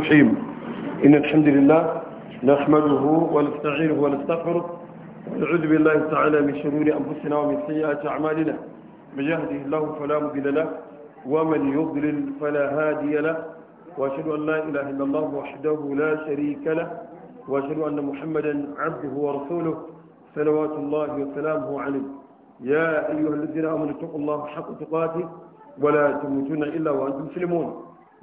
الرحيم إن الحمد لله نحمده ونستعينه ونستغفره ونعوذ بالله تعالى من شرور أنفسنا ومن سيئات أعمالنا من يهده الله فلا مضل له ومن يضلل فلا هادي له وأشهد أن لا إله إلا الله وحده لا شريك له وأشهد أن محمدا عبده ورسوله صلوات الله وسلامه عليه يا أيها الذين آمنوا اتقوا الله حق تقاته ولا تموتن إلا وأنتم مسلمون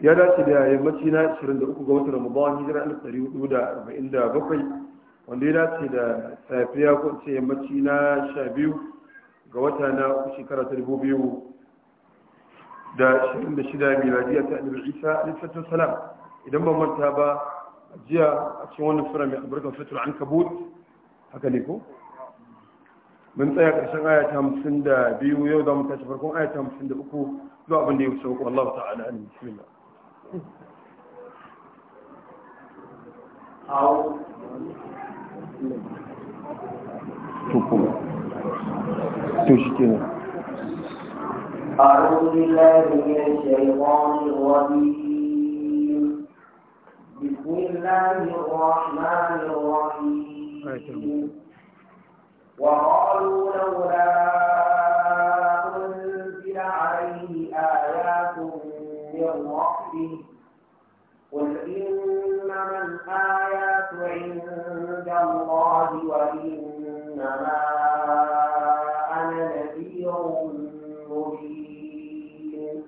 ya dace da yammaci na 23 ga watan Ramadan hijira 1447 wanda ya dace da safiya ko ce yammaci na 12 ga wata na shekara ta 2000 da 26 miladiya ta Annabi Isa alaihi salam idan ban manta ba jiya a cikin wannan sura mai albarkar fitul ankabut haka ne ko من تأيك عشان آية همسن دا بيو يوضا متاشفركم آية همسن دا أكو دعوا بني وسوق والله تعالى أعلم بسم الله أو تقول تشكي أعوذ بالله من الشيطان الرجيم بسم الله الرحمن الرحيم وقالوا لولا قل إنما الآيات عند الله وإنما أنا نذير مبين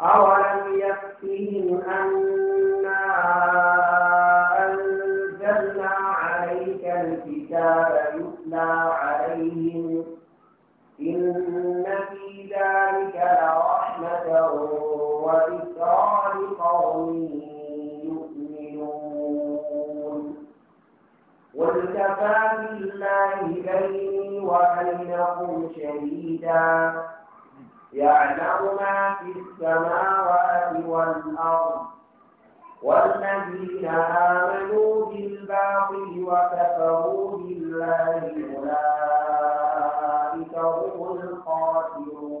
أولم يكفهم أنا الذكرى وكفى بالله بيني وبينكم شهيدا يعلم ما في السماوات والأرض والذين آمنوا بالباطل وكفروا بالله أولئك هم الخاسرون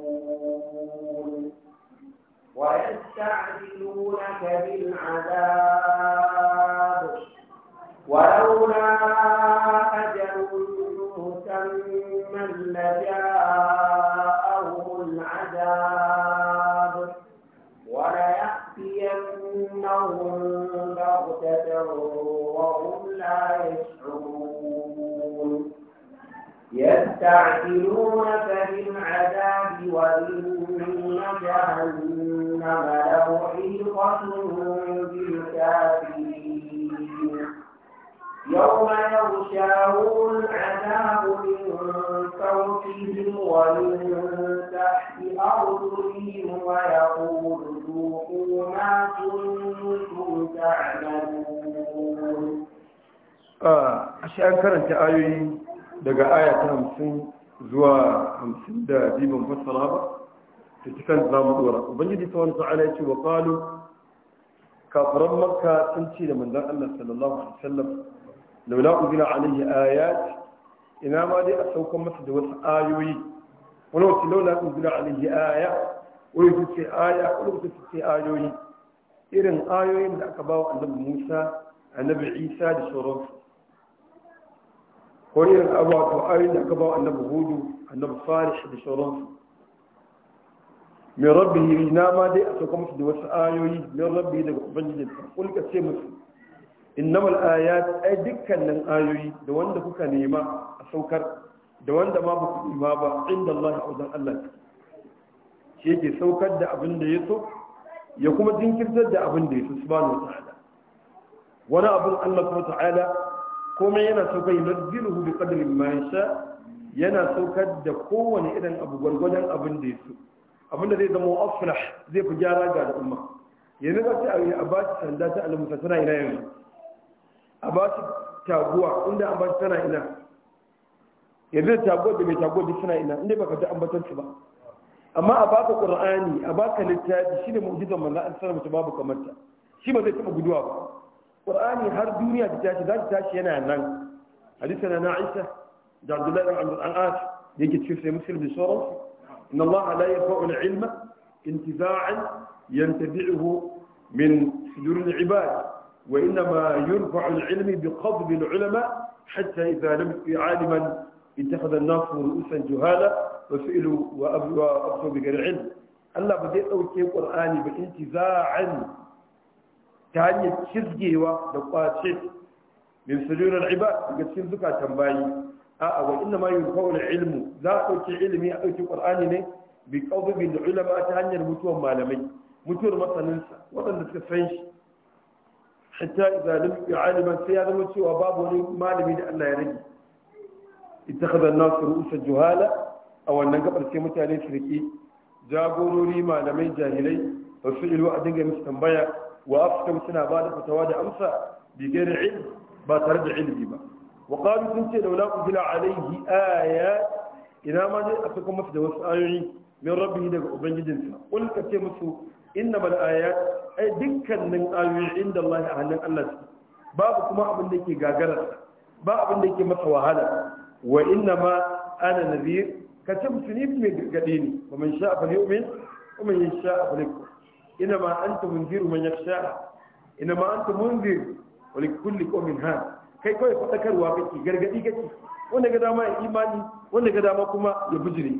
ويستعجلونك بالعذاب ولولا أجل مسمى لجاءهم العذاب وليأتينهم بغتة وهم لا يشعرون يستعجلونك بالعذاب وإن جهنم جهنم لمحيطة بالكافرين يوم يغشاهم العذاب من فوقهم ومن تحت أرجلهم ويقول ذوقوا ما كنتم تعملون ashe an karanta ayoyi daga aya ta hamsin zuwa hamsin da bibin fassara ba to cikin za mu dora ubangiji ta wani ta'ala ya ce wa qalu kafiran makka sun ce da manzon Allah sallallahu alaihi wasallam laula unzila alaihi ayat ina ma dai a saukan masa da wasu ayoyi wani wata laula unzila alaihi aya wani wata ce aya wani wata ce ayoyi irin ayoyin da aka bawa annabi Musa annabi Isa da sauransu ko irin abuwa to ayoyin da aka bawa annabi Hudu annabi Salih da sauransu min rabbihi na ma dai a sauka musu da wasu ayoyi min rabbihi daga ubangiji kulka ce musu innamal ayat ai dukkanin ayoyi da wanda kuka nema a saukar da wanda ma baku nema ba inda Allah ya auzan Allah shi yake saukar da abin da ya so ya kuma jinkirtar da abin da ya so subhanahu wataala wani abin Allah subhanahu wataala komai yana saukar yunzilu bi qadri ma yasha yana saukar da kowane irin abu gwargwadon abin da ya so abinda zai zama afrah zai fi gyara ga al'umma yanzu ga sai a ba shi sanda ta alamusa tana ina yanzu a ba shi taguwa inda an ba shi tana ina yanzu da taguwa da mai taguwa duk suna ina inda baka ji ambatar su ba amma a baka ƙura'ani a baka littafi shi ne mu'ujiza manzo an sanar mutu babu kamar ta shi ba zai taba guduwa ba ƙura'ani har duniya ta tashi za ta tashi yana nan hadisi na na'isa da Abdullahi ibn Amr an yake cikin sai Muslim da sauransu إن الله لا يرفع العلم انتزاعا ينتزعه من صدور العباد وإنما يرفع العلم بقضب العلماء حتى إذا لم عالما اتخذ الناس رؤوسا جهالا وسئلوا وأبصروا بغير علم الله بدأ أوكي القرآن بانتزاعا تاني تشزقي وقواتي من صدور العباد بقد تنبايي a'a wa inna ma yunfa'ul ilmu za a dauki ilimi a dauki qur'ani ne bi qawbin da ulama ta hanyar mutuwar malamai mutuwar masaninsa waɗanda suka san shi hatta idza lam yu'alima sai ya zama cewa babu wani malami da Allah ya rage ittakhadha an-nas ru'usa juhala a wannan gabar sai mutane su jagorori malamai jahilai ba su a dinga musu tambaya wa afkam suna ba da fatawa da amsa bi ilm ba tare da ilimi ba وقالوا سنتي لولا أنزل عليه آيات إذا ما جاء أفكم مفد وسأعني من ربه دقى أبن جدنسا قل كتير مسو إنما الآيات أي دكا من آيات عند الله أهلا الله باب كما أبن ديكي غاغرة باب أبن ديكي مسوى هذا وإنما أنا نذير كتير مسنيب من قديني ومن شاء فليؤمن ومن شاء فليكفر إنما أنت منذر من يخشاها إنما أنت منذر ولكل قوم هاد kai kawai faɗakarwa kake gargaɗi kake wanda ga dama ya imani wanda ga dama kuma ya bijire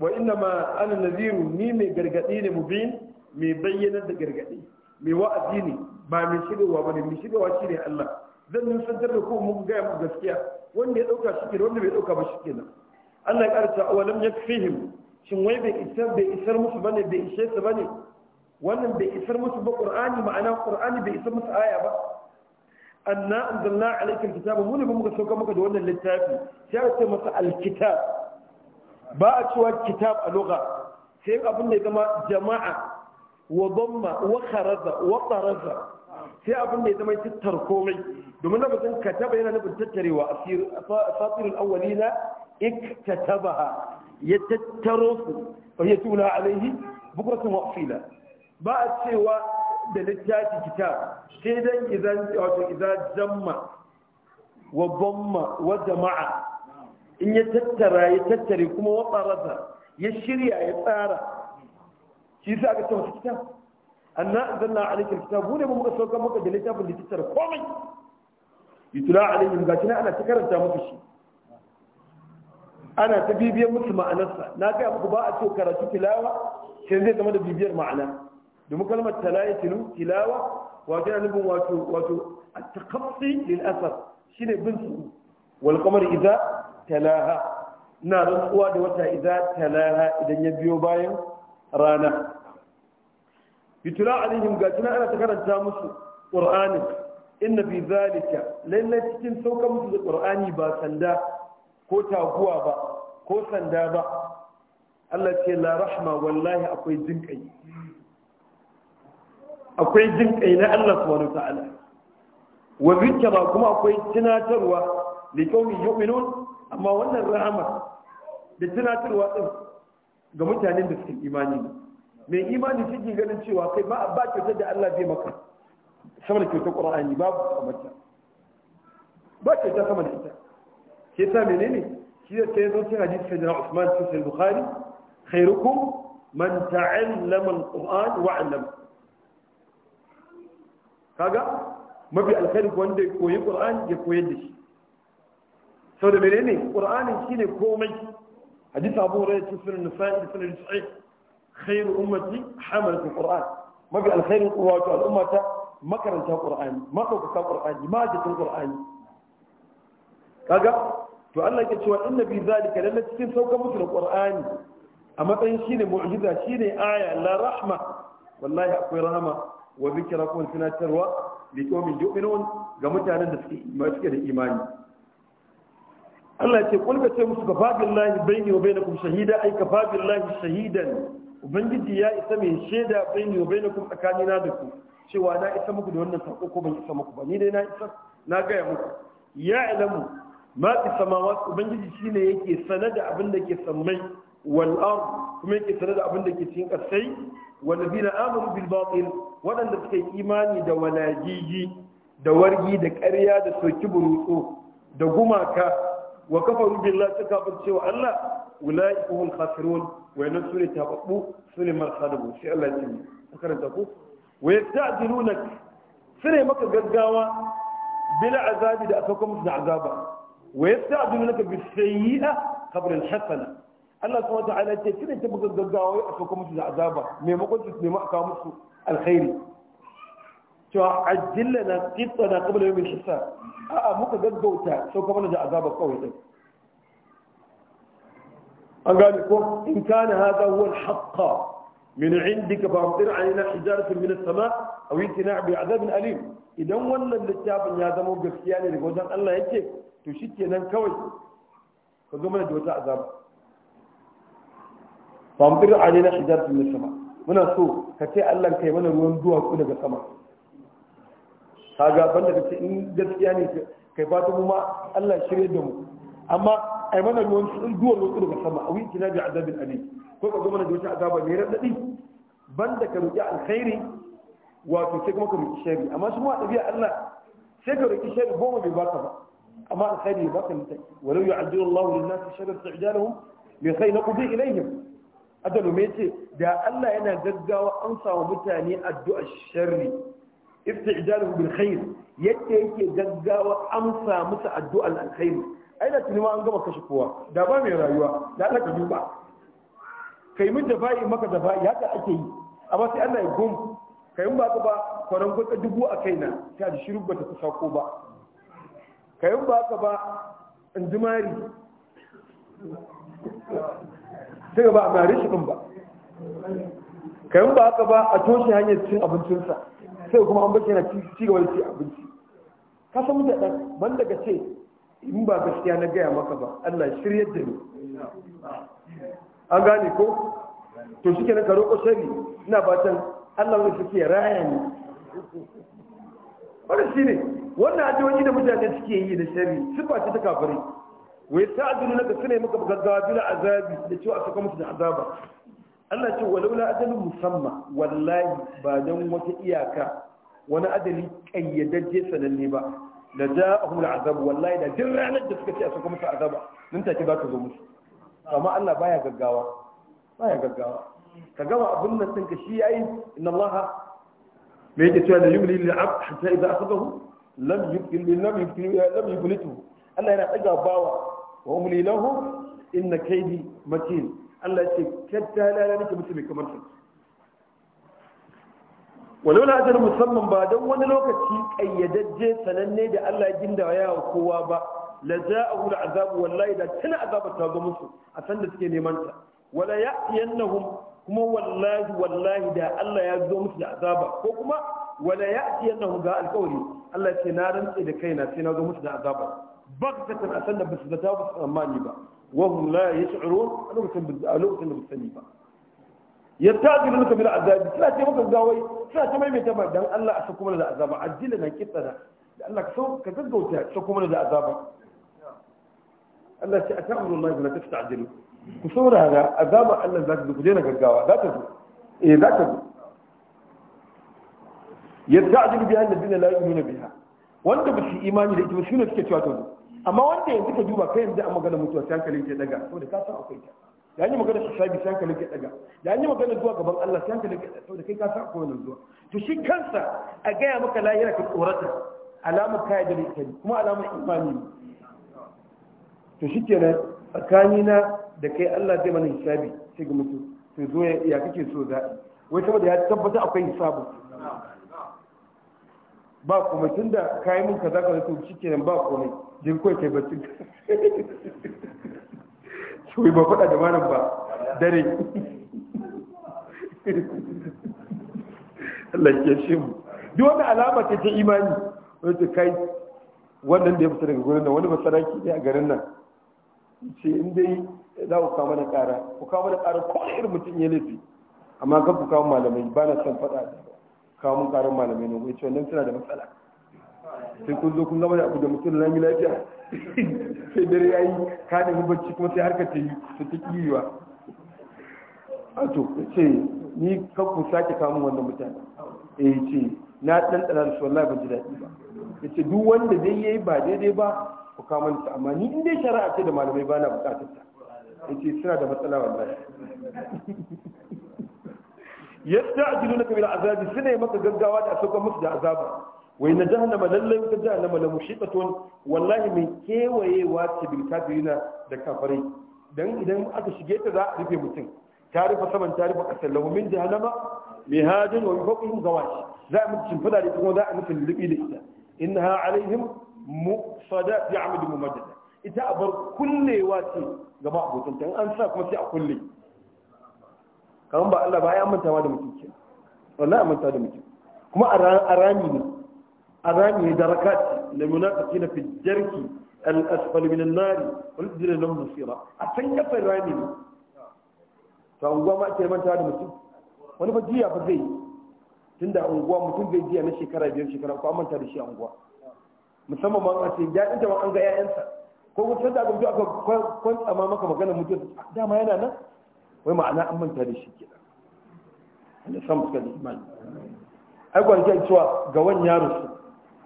wa inna ma ana naziru ni mai gargadi ne mubin mai bayyana da gargadi. mai wa'azi ne ba mai shiryawa ba ne mai shiryawa shi ne Allah zan nusantar da ko mun gaya mu gaskiya wanda ya ɗauka shi kenan wanda bai ɗauka ba shi kenan Allah ya ƙarta a walam ya fihim shin wai bai isar bai isar musu bane bai ishe su bane wannan bai isar musu ba qur'ani ma'ana qur'ani bai isar musu aya ba anna anzalna alayka alkitaba mun ba muka sauka maka da wannan littafi sai a ce masa alkitab ba a cewa kitab a lugha sai abin da ya zama jama'a wa dhamma wa kharaza wa taraza sai abin da ya zama tattar komai domin lafazin kataba yana nufin tattarewa asir asatirul awwalina iktatabaha ya tattaro su fa yatuna alaihi bukratan wa ba a cewa da littafi kitab sai dan idan wato idan jamma wa bamma wa jama'a in ya tattara ya tattare kuma wa tsarasa ya shirya ya tsara shi sa aka tabbata kitab anna anzalna alayka alkitab ne mun ga sauka maka da littafin da tattara komai yutla alayhim gashi na ana ta karanta muku shi ana ta bibiyar musu ma'anarsa na ga muku ba a ce karatu tilawa sai zai zama da bibiyar ma'ana domin kalmar talayatinu tilawa wato yana nufin wato wato at-taqaffi asar shine bin su -Walƙamar Iza idza talaha ina rantsuwa da wata iza talaha idan ya biyo bayan rana yutula alaihim ga tuna ana ta karanta musu ƙur'anin inna fi zalika lallai cikin saukan musu da qur'ani ba sanda ko taguwa ba ko sanda ba Allah ce la rahma wallahi akwai jinkai akwai jin kai na Allah subhanahu wa ta'ala wa zikra kuma akwai tunatarwa li qaumi yu'minun amma wannan rahama da tunatarwa din ga mutanen da suke imani mai imani shi ganin cewa kai ba ba kyautar da Allah bai maka sama da kyautar Qur'ani babu kamata ba kyautar sama da ita ke sa menene shi da sai zo cikin hadisi sayyidina Usman cikin Bukhari khairukum man ta'allama al-Qur'an wa 'allama kaga mafi alkhairi wanda koyi qur'ani ya koyar da shi sau da menene qur'ani shine komai hadisi abu hurairah cikin sunan nisa'i da sunan sahih khairu ummati hamalatu qur'an mafi alkhairin wato al'ummata makaranta qur'ani makaukata qur'ani majitin qur'ani kaga to Allah ke wa inna bi zalika lalla cikin saukan musu da qur'ani a matsayin shine mu'jiza shine aya la rahma wallahi akwai rahama wa zikira kuma tunatarwa da kyau yu'minun ga mutanen da suke da imani Allah ce kulka ce musu kafabillahi baini wa bainakum shahida ai kafabillahi shahidan ubangiji ya isa mai shaida baini wa bainakum tsakanina da ku cewa na isa muku da wannan sako ko ban isa muku ba ni dai na isa na gaya muku ya ilamu ma fi samawat ubangiji shine yake sanar da abin da ke sammai wal'ar kuma yake tare da abin da ke cikin ƙasai wanda fi na amuru bilbaɗin waɗanda suka imani da walajiji da wargi da ƙarya da soki burutsu da gumaka wa kafa rubin lati kafin cewa allah wula ikuhun khasirun wai nan sune tababbu sune marasa da bu sai allah ce ne a karanta ku wa ya ta ajiruna sune maka gaggawa bila azabi da a sauka musu da azaba wa ya ta ajiruna ka bi sayi a Allah subhanahu wataala ce kina ta buga gaggawa a sauka musu da azaba maimakon su nemi a musu alkhairi cewa ajilla na kitsa na kabla yau hisa a'a muka gaggauta sauka mana da azaba kawai din an gane ko in kana hada huwa alhaqqa min indika fa amtir alaina hijaratan min as-sama' aw itina bi adabin alim idan wannan littafin ya zama gaskiya ne daga wajen Allah yake to shikenan kawai ka zo mana da wata azaba famdir alaina hijaratu min sama muna so ka ce Allah kai mana ruwan duwatsu daga sama kaga banda kace in gaskiya ne kai fata mu ma Allah shirye da mu amma ai mana ruwan duwatsu daga sama a awi kina bi azabin alim ko ka zo mana da wata azaba mai radadi banda ka roki alkhairi wato sai kuma ka roki shari amma shi mu a ɗabi'a Allah sai ka roki shari goma bai baka ba amma alkhairi ba ka mutai walau yu'addilu Allahu lin-nasi sharra isti'jalahum bi khayrin qudi ilayhim aka nome ce da Allah yana gaggawa an samu mutane addu'a sharri iftijaluhu bil khair yadda yake gaggawa amsa musu addu'an alkhair ai da tunima an gama kashe kowa da ba mai rayuwa da Allah ka duba kai mun dafa'i maka dafa'i haka ake yi amma sai Allah ya gum kai mun ba ka ba kwaran gwata dubu a kaina ta da shiru ba ta kusa ko ba kai mun ba ka ba in sai ga ba a mare shi ɗin ba kayan ba haka ba a toshe hanyar cin abincinsa sai kuma an bashi yana ci gaba da ci abinci ka san da ɗan ban daga ce in ba gaskiya na gaya maka ba Allah shirya da ni an gane ko to shi kenan ka roƙo shari ina fatan Allah wani suke raya ni wani shi ne wannan addu'o'i da mutane suke yi da shari sifa ce ta kafirai wai ta ta'adilu naka suna ne maka gaggawa bila azabi da cewa a saka musu da azaba Allah ce walau la ajalin musamman wallahi ba dan wata iyaka wani adali kayyadajje sananne ba da ja'ahum azabu wallahi da jin ranar da suka ce a saka musu azaba nan take za ka zo musu amma Allah baya gaggawa baya gaggawa ka gama abin nan ɗinka shi yayi inna Allah me yake cewa da yumli lil abd hatta idza akhadahu lam yukmil lam yukmil lam yukmilu Allah yana ɗaga bawa wa umli lahu inna kaidi matin Allah ya ce kadda la la nake mutum kamar sa walau na ajar musamman ba don wani lokaci kayyadajje sananne da Allah ya wa yawa kowa ba la za'ahu azabu wallahi da tana azabar ta zo musu a san da suke neman ta wala ya ya'tiyannahum kuma wallahi wallahi da Allah ya zo musu da azaba ko kuma wala ya ya'tiyannahum ga alƙawari Allah ce na rantse da kaina sai na zo musu da azaba بغتة أسنى بسبتا بسأماني با وهم لا يشعرون أنه بسن بالألوغة أنه بسنى با يتاج لك من العذاب ثلاثة يوم الزاوي ثلاثة ما يمي تمام دان الله أسكم لنا العذاب عجل لنا كتنا لأنك سوق كتنك وتاج سكم لنا العذاب الله سأتعمل الله إذا لا تستعجل كسور هذا عذاب الله ذاك دخلينك الزاوى إيه، لا تدو إيه لا تدو يتعجل بها بها wanda ba su imani da ita ba shine suke cewa tauhid amma wanda yanzu ka duba kai yanzu a magana mutuwa sai hankalin ke daga saboda ka san akwai ta da an yi magana sabi sai hankalin ke daga da an yi magana zuwa gaban Allah sai hankalin ke daga saboda kai ka san akwai wannan zuwa to shi kansa a gaya maka lahira ka tsorata alamar kaya da ita kuma alamar imani ne to shi kenan tsakanina da kai Allah zai mana hisabi sai ga mutu to zo ya kake so za'i wai saboda ya tabbata akwai hisabu ba kuma tun da kayi mun kaza kaza to shikenan ba komai jin kai kai bacci yi ba faɗa da malam ba dare Allah ya shi mu duk wani alama ce ta imani wato kai wannan da ya fita daga gurin nan wani masaraki ne a garin nan sai in dai za ku kawo mana ƙara ku kawo mana ƙara ko irin mutum ya laifi amma kan ku kawo malamai ba na son faɗa da kawo mun karin malamai ne ce wannan suna da matsala sai kun zo kun zama da abu da mutum yi lafiya sai dare ya yi kaɗin nemi bacci kuma sai harka ta yi ta ta kiwa a to ce ni kan ku sake kamun wannan mutane e ce na ɗanɗana da su wallahi ban ji daɗi ba ya ce duk wanda dai yi ba daidai ba ku kamun ta amma ni in dai shari'a ce da malamai ba na bukatar ta ya ce suna da matsala wallahi yadda ajiluna ka bil azabi sune maka gaggawa da sauka musu da azaba wai na jahannama lallai ta jahannama la mushiqatun wallahi mai kewayewa ce bil kafirina da kafirai dan idan aka shige ta za a rufe mutum ta rufe saman ta rufe kasar lahu min jahannama mihajin wa fawqihim gawash za a mutum fada da kuma za a mutum lubi da ita innaha alaihim amadu mu mumaddada ita abar kullewa ce gaba in an sa kuma sai a kulle kamar ba Allah ba ya manta ma da mutum ke wallahi manta da mutum kuma a rami ne a rami ne da rakat la munafiki na fi jarki al asfal min an nar wal dira lam nusira a san ya fa rami ne to unguwa ma ke manta da mutum wani ba jiya ba zai tunda unguwa mutum bai jiya na shekara biyar shekara ko manta da shi a unguwa musamman ma a ce ya ma an ga 'ya'yansa ko wata da aka kwanta ma maka magana mutum ah, dama yana nan wai ma'ana an manta da shi kenan Allah samu suka da imani ai ce cewa ga wani ya rasu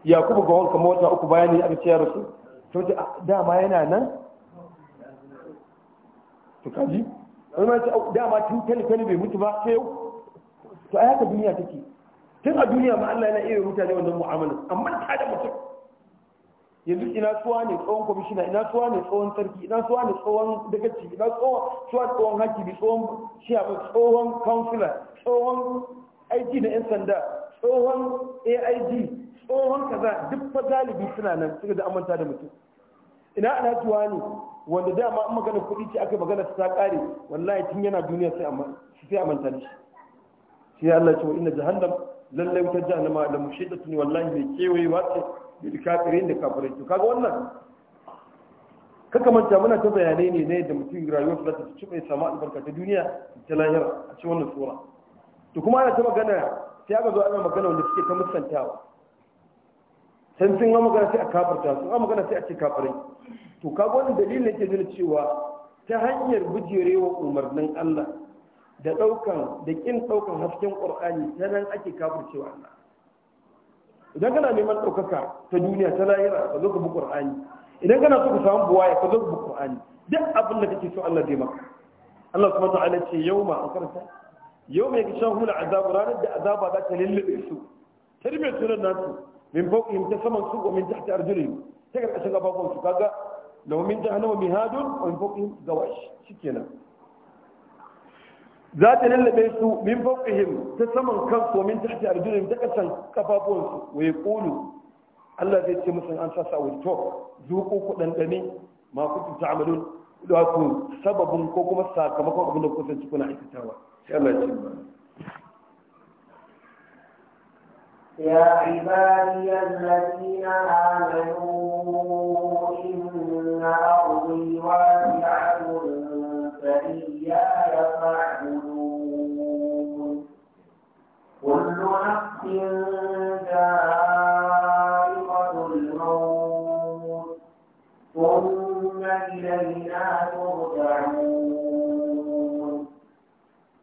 yakubu ga wanka mota uku bayani aka ce ya rasu to ah, dama yana nan to kaji wani ma ce dama tun tani bai mutu ba sai yau to a yaka duniya take tun a duniya ma Allah yana iya mutane wannan mu'amala amma ta da mutum yanzu ina tsuwa ne tsohon kwamishina ina tsuwa ne tsohon sarki ina tsuwa ne tsohon dagaci ina tsuwa tsohon hakimi tsohon shiyafin tsohon kansula tsohon aig na 'yan sanda tsohon aig tsohon kaza duk fa galibi suna nan suka da amanta da mutum ina ana tuwa ne wanda dama an magana kuɗi ce aka magana ta kare wallahi tun yana duniya sai amanta da shi sai Allah ce wa ina jahannam lallai wutar jahannama da mushidatun wallahi mai kewaye wace da kafirin da kafirin to kaga wannan kaka manta muna ta bayanai ne na yadda mutum rayuwar su ta ci mai da albarka ta duniya ta lahira a cikin wannan sura to kuma ana ta magana sai aka zo ana magana wanda suke ta musantawa san sun magana sai a kafarta sun magana sai a ce kafirai to kaga wannan dalilin yake nuna cewa ta hanyar bujerewa umarnin Allah da daukan da kin daukan hasken Qur'ani ta nan ake kafircewa Allah idan kana neman ɗaukaka ta duniya ta lahira ka zo ka bi qur'ani idan kana so ka samu buwaya ka zo ka bi qur'ani duk abin da kake so Allah zai maka Allah subhanahu wa ta'ala ce yauma an karanta yauma hula azabu ranar da azaba za ta lullube su tarbiya sunan nasu min fawqihim ta saman su wa min tahti arjulihim ta karkashin gabawan su kaga lahum min jahannama mihadun wa min fawqihim gawash shikenan za ta lallabe su min fawqihim ta saman kansu min tahti arjulihim ta kasan kafafuwansu wa yaqulu Allah zai ce musu an sasa wa to zuku ku dandane ma ta ta'malun da ku sababun ko kuma sakamakon abin da ku san kuna aikatawa sai Allah ya ce يا عبادي الذين آمنوا إن أرضي واسعة وإياي فاعبدون كل نفس ذائقة الموت ثم إلينا ترجعون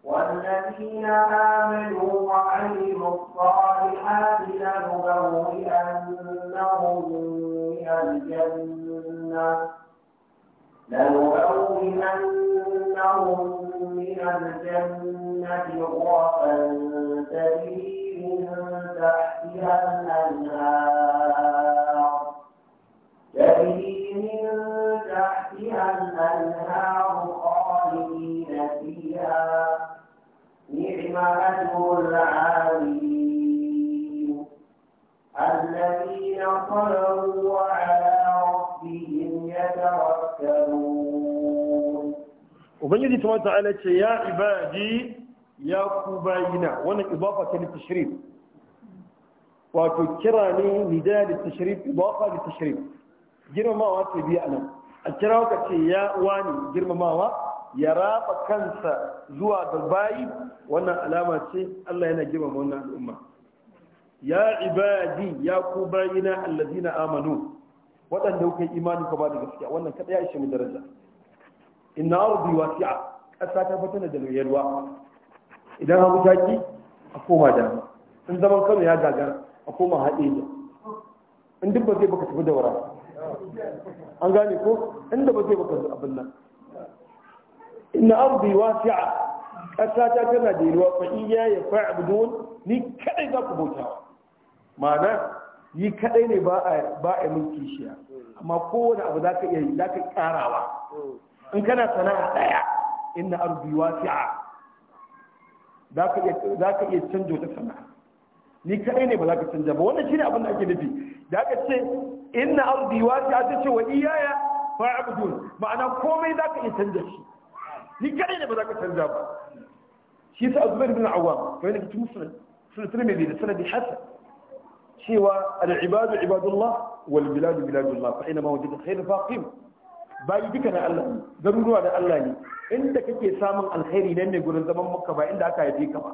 والذين آمنوا وعملوا الصالحات لنبوئنهم من الجنة لنبوئنهم الجنة غرفا تجري من تحتها ubangiji tabaraka ta'ala ce ya ibadi ya ku bayina wannan idafa ta tashrif wato kira ne nida da tashrif idafa da tashrif girmamawa ta biya nan a kira ka ce ya wani girmamawa ya raba kansa zuwa ga bayi wannan alama ce Allah yana girmama wannan al'umma ya ibadi ya ku bayina allazina amanu waɗanda kuka imani ba da gaskiya wannan kada ya ishe mu daraja inna ardi wasi'a ƙasa ta fata da yalwa idan hagu ta ki a koma da in zaman kano ya gagara a koma haɗe da in duk ba zai baka tafi da wara an gane ko inda ba zai baka abin nan inna ardi wasi'a ƙasa ta tana da yalwa fa iya ya fa'budun ni kadai za ku bauta ma'ana yi kadai ne ba a ba mulki shi amma kowane abu zaka iya zaka karawa in kana sana'a daya inna ardi wasi'a za ka iya za ka iya canjo wata sana'a ni kadai ne ba za ka canja ba wannan shine abin da ake nufi da aka ce inna ardi wasi'a ta ce wa iyaya fa fa'budun ma'ana komai za ka iya canja shi ni kadai ne ba za ka canja ba shi sa Zubair bin Awwam kamar da cikin Muslim sunan Tirmidhi da sanadi Hasan cewa al-ibadu ibadullah wal biladu biladullah fa ina ma wajada khayran faqim bayi duka na Allah garuruwa da Allah ne inda kake samun alkhairi nan ne gurin zaman makka ba inda aka haife ka ba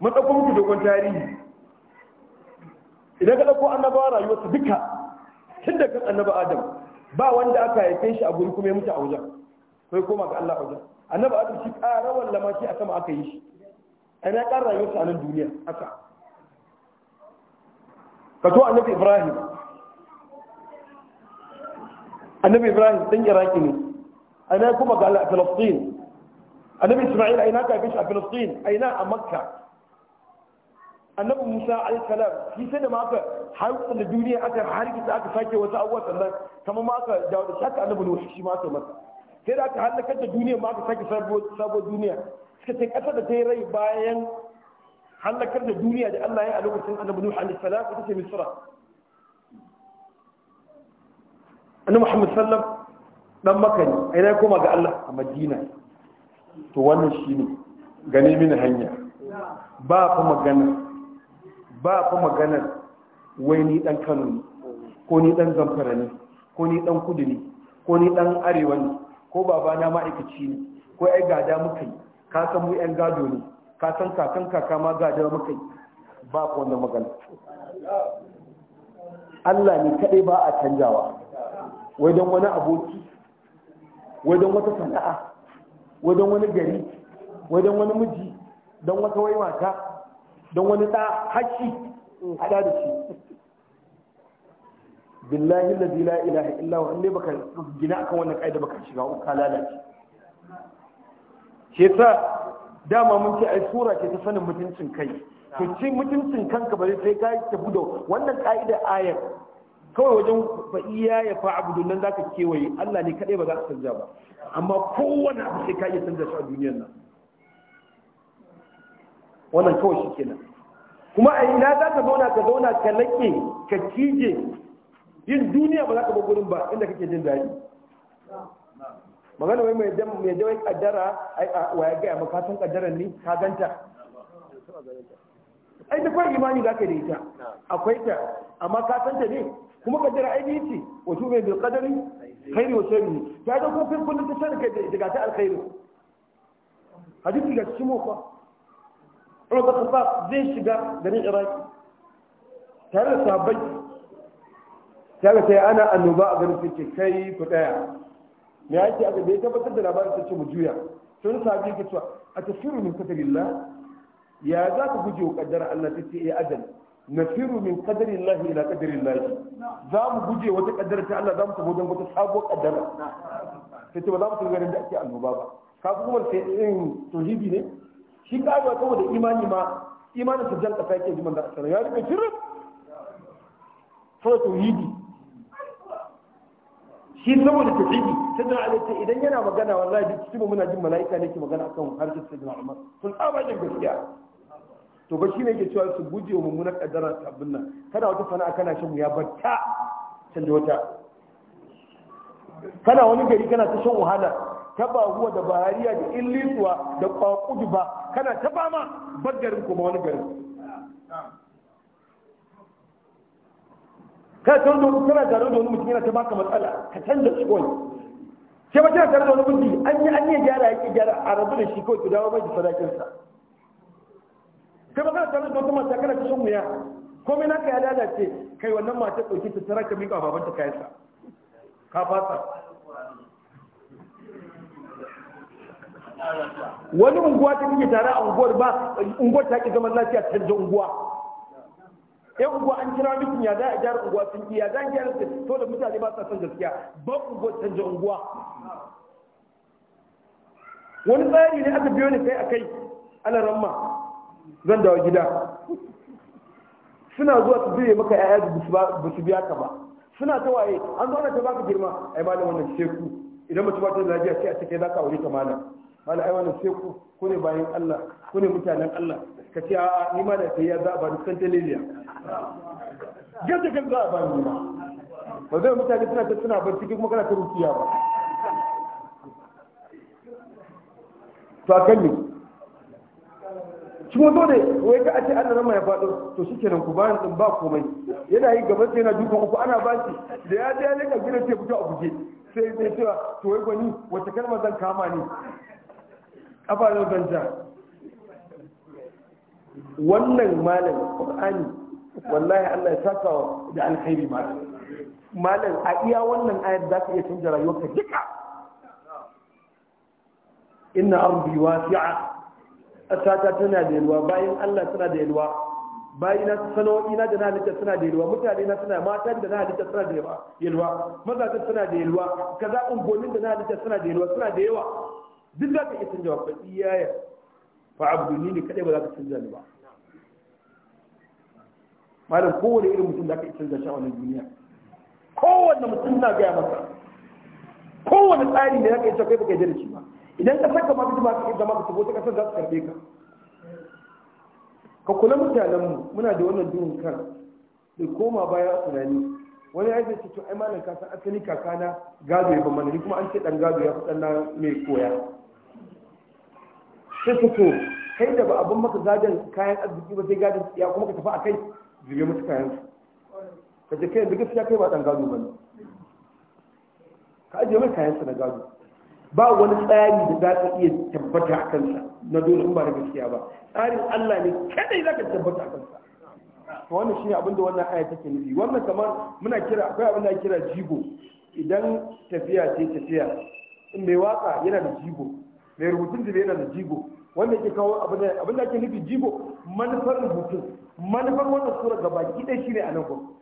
matsakon ku dogon tarihi idan ka dauko annabawa rayuwarsu duka tun da kan annabi adam ba wanda aka haife shi a gurin kuma ya mutu a wajen sai koma ga Allah wajen annabi adam shi karawan lama shi a sama aka yi shi ana ƙara rayuwarsa a nan duniya haka ka to annabi ibrahim annabi ibrahim dan iraki ne ana kuma ga a filistin annabi isma'il aina ka bishi a filistin ina a makka annabi musa alkalam shi sai da ma aka harkar da duniya aka harkita aka sake wasu abubuwa sannan kamar ma aka dawo da shaka annabi nuhu shi ma aka masa sai da aka halakar da duniya ma aka sake sabo duniya suka ce kasar da ta yi rai bayan halakar da duniya da Allah ya a lokacin annabi nuhu alaihi salam ita ce misra annabi Muhammad sallam dan maka ne ai dai koma ga Allah a Madina to wannan shine gane mini hanya ba fa magana ba fa magana wai ni dan Kano ne ko ni dan Zamfara ne ko ni dan Kudu ne ko ni dan Arewa ne ko babana ma'aikaci ne ko ai gada muka yi ka san mu yan gado ne ka san kakan kaka ma gada muka yi ba ku wannan magana Allah ne kadai ba a canjawa wai don wani aboki wai don wata sana'a wai don wani gari wai don wani miji don wata wai don wani ɗa haƙƙi hada da shi billahi lazi la ilaha illa wa ne baka gina akan wannan kaida baka shiga uku ka lalace ke sa dama mun ce ai sura ke ta sanin mutuncin kai to ci mutuncin kanka bare sai ka ta da wannan kaida ayar kawai wajen fa iya ya fa abudu nan zaka kewaye Allah ne kadai ba za ka canja ba amma kowane abu sai ka iya canja shi a duniyar nan wannan kawai shi kenan kuma a ina za ka zauna ka zauna ka laƙe ka cije yin duniya ba za ka bugurin gurin ba inda kake jin daɗi magana wai mai dawai kaddara wa ya gaya maka san kaddaran ne ka ganta ai da kawai imani za ka da ita akwai ta amma ka san ta ne kuma kaddara aiki ce wa tu bil qadari khairi wa sharri ta da kuma kun da sharri daga ta alkhairi hadisi ga cikin mufa Umar bin Khattab zai shiga garin Iraki tare da sahabbai tare sai ana annuba a garin sai kai ku daya me yake aka da ya tabbatar da labarin sai mu juya sun sahabi ke cewa a tafsiru min qadarillah ya za ka guje wa kaddara Allah ta ce eh ajal nasiru min kadari Allah ila qadari Allah za mu guje wata kaddara ta Allah za mu tafi wata sabuwar kaddara sai za mu tafi garin da ake annoba ba ka kuma sai in ne shi ka ba saboda imani ma imanin sa jan kasa yake jiman da asara ya rike shirin saboda tauhidi shi saboda tauhidi sai da Allah ce idan yana magana wallahi duk cikin muna jin mala'ika ne ke magana akan harshen gaskiya to ba shine yake cewa su guje wa mummunar kaddara abin nan kada wata sana'a kana shan ya batta canja wata kana wani gari kana ta shan wahala ta bahuwa da bahariya da illisuwa da kwakudu ba kana ta ma bar garin kuma wani garin ka san don kana tare da wani mutum yana ta baka matsala ka canza tsohon sai ba tana tare da wani mutum an yi an yi gyara yake gyara a rabu da shi kawai ku dawo mai da sadakinsa kai ba kana tare da wata mata kana ta muya ko komai naka ya lalace kai wannan mata ɗauki ta tara ka miƙa babanta kayansa ka fasa wani unguwa ta kike tare a unguwar ba unguwar ta ki zaman lafiya ta canza unguwa ya unguwa an kira mutum ya za a gyara unguwa sun ki ya za a gyara su to da mutane ba sa son gaskiya ba unguwar canza unguwa wani tsari ne aka biyo ni kai a kai ramma. zan dawo gida suna zuwa su zai maka yaya ba su biya ka ba suna ta waye an zo ana ta baka girma ai malam wannan sheku idan mutum bata ta lafiya sai a ce za ka aure ka malam malam ai wannan sheku ko ne bayan Allah ko ne mutanen Allah ka ce a ni ma da kai ya za a ba san taleliya gaza kan za ba ni ma ba zai mutane suna ta suna barci kuma kana ta rukiya ba to akan ne shi mun zo ne wai ka a ce Allah rama mai faɗo to shi kenan ku bayan din ba komai yana yi gaban sai yana dukan uku ana ba shi da ya je ya leka gina sai fito a buge sai sai cewa to wai gwani wace kalmar zan kama ne kafafen zan ja wannan malam qur'ani wallahi Allah ya saka da alkhairi malam malam a iya wannan ayar za ka iya canja rayuwarka duka inna ardi wasi'a ƙasata tana da yalwa bayan Allah tana da yalwa bayan na sana'o'i na da na halitta suna da yalwa mutane na suna mata da na halitta suna da yalwa mazajen suna da yalwa kaza ungonin da na halitta suna da yalwa suna da yawa duk za ka iya canja wa fa iyaya fa abdulli ne kadai ba za ka canja ni ba malam kowane irin mutum da aka iya canza a wannan duniya kowane mutum na gaya masa kowane tsari da ya kai kai baka yi da shi ba idan ka saka ma ba ka zama ka shigo ta kasar za su karbe ka ka kula mutanenmu muna da wannan duhun kan da koma baya a tunani wani ya ce to aimanin malam ka san asali kakana gado ya ban mana ni kuma an ce dan gado ya fi dan mai koya sai su to kai da ba abin maka gadon kayan arziki ba sai gadon ya kuma ka tafi a kai zube musu kayan su ka je kai yanzu gaskiya kai ba dan gado ba ne ka ajiye mai kayan su na gado ba wani tsari da za ka iya tabbata a kansa na dole in ba da gaskiya ba tsarin Allah ne kadai za ka tabbata a kansa wannan shine abin da wannan aya take nufi wannan kamar muna kira akwai abin da ake kira jigo idan tafiya ce tafiya in mai waka yana da jigo mai rubutun da yana da jigo wanda ke kawo abin da ake nufi jigo manufar rubutun manufar wannan sura gaba ki ɗaya shine a nan gwamnati